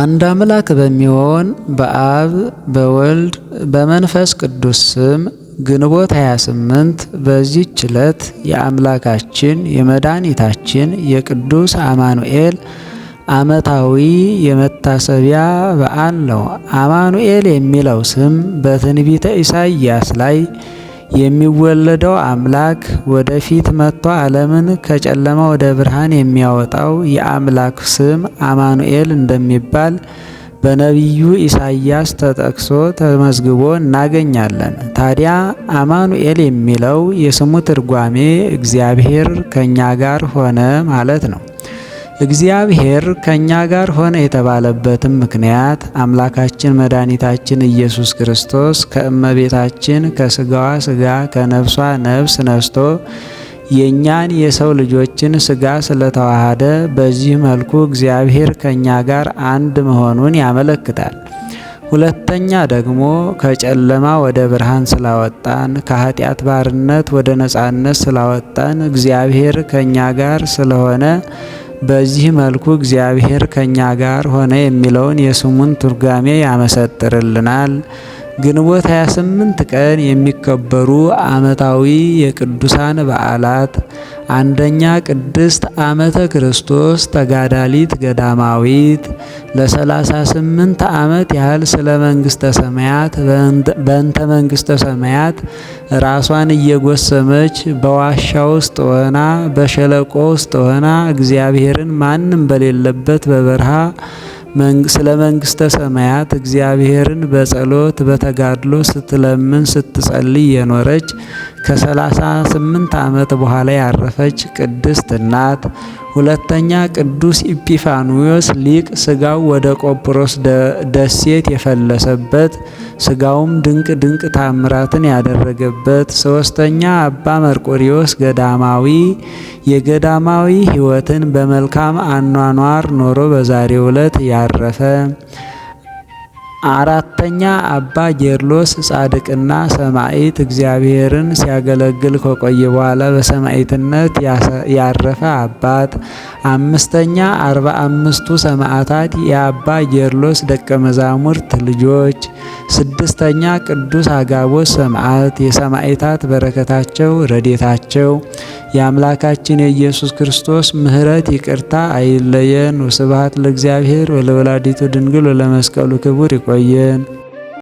አንድ አምላክ በሚሆን በአብ በወልድ በመንፈስ ቅዱስ ስም ግንቦት 28 በዚህ ዕለት የአምላካችን የመድኃኒታችን የቅዱስ አማኑኤል ዓመታዊ የመታሰቢያ በዓል ነው። አማኑኤል የሚለው ስም በትንቢተ ኢሳይያስ ላይ የሚወለደው አምላክ ወደፊት መጥቶ ዓለምን ከጨለማ ወደ ብርሃን የሚያወጣው የአምላክ ስም አማኑኤል እንደሚባል በነቢዩ ኢሳይያስ ተጠቅሶ ተመዝግቦ እናገኛለን። ታዲያ አማኑኤል የሚለው የስሙ ትርጓሜ እግዚአብሔር ከእኛ ጋር ሆነ ማለት ነው። እግዚአብሔር ከእኛ ጋር ሆነ የተባለበትም ምክንያት አምላካችን መድኃኒታችን ኢየሱስ ክርስቶስ ከእመቤታችን ከስጋዋ ስጋ ከነፍሷ ነፍስ ነስቶ የእኛን የሰው ልጆችን ስጋ ስለተዋሃደ በዚህ መልኩ እግዚአብሔር ከእኛ ጋር አንድ መሆኑን ያመለክታል። ሁለተኛ ደግሞ ከጨለማ ወደ ብርሃን ስላወጣን ከኃጢአት ባርነት ወደ ነጻነት ስላወጣን እግዚአብሔር ከእኛ ጋር ስለሆነ በዚህ መልኩ እግዚአብሔር ከእኛ ጋር ሆነ የሚለውን የስሙን ትርጓሜ ያመሰጥርልናል። ግንቦት 28 ቀን የሚከበሩ ዓመታዊ የቅዱሳን በዓላት፣ አንደኛ ቅድስት ዓመተ ክርስቶስ ተጋዳሊት ገዳማዊት ለሰላሳ ስምንት ዓመት ያህል ስለ መንግስተ ሰማያት በእንተ መንግስተ ሰማያት ራሷን እየጎሰመች በዋሻ ውስጥ ሆና በሸለቆ ውስጥ ሆና እግዚአብሔርን ማንም በሌለበት በበረሃ ስለ መንግሥተ ሰማያት እግዚአብሔርን በጸሎት በተጋድሎ ስትለምን ስትጸልይ የኖረች ከሰላሳ ስምንት ዓመት በኋላ ያረፈች ቅድስት እናት። ሁለተኛ ቅዱስ ኢጲፋንዮስ ሊቅ ስጋው ወደ ቆጵሮስ ደሴት የፈለሰበት ስጋውም ድንቅ ድንቅ ታምራትን ያደረገበት። ሶስተኛ አባ መርቆሪዎስ ገዳማዊ የገዳማዊ ሕይወትን በመልካም አኗኗር ኖሮ በዛሬው ዕለት ያረፈ አራተኛ አባ ጌርሎስ ጻድቅና ሰማዕት እግዚአብሔርን ሲያገለግል ከቆየ በኋላ በሰማዕትነት ያረፈ አባት። አምስተኛ አርባ አምስቱ ሰማዕታት የአባ ጌርሎስ ደቀ መዛሙርት ልጆች። ስድስተኛ ቅዱስ አጋቦስ ሰማዕት የሰማዕታት በረከታቸው ረዴታቸው የአምላካችን የኢየሱስ ክርስቶስ ምሕረት ይቅርታ አይለየን። ወስብሐት ለእግዚአብሔር ወለወላዲቱ ድንግል ወለመስቀሉ ክቡር። ይቆየን።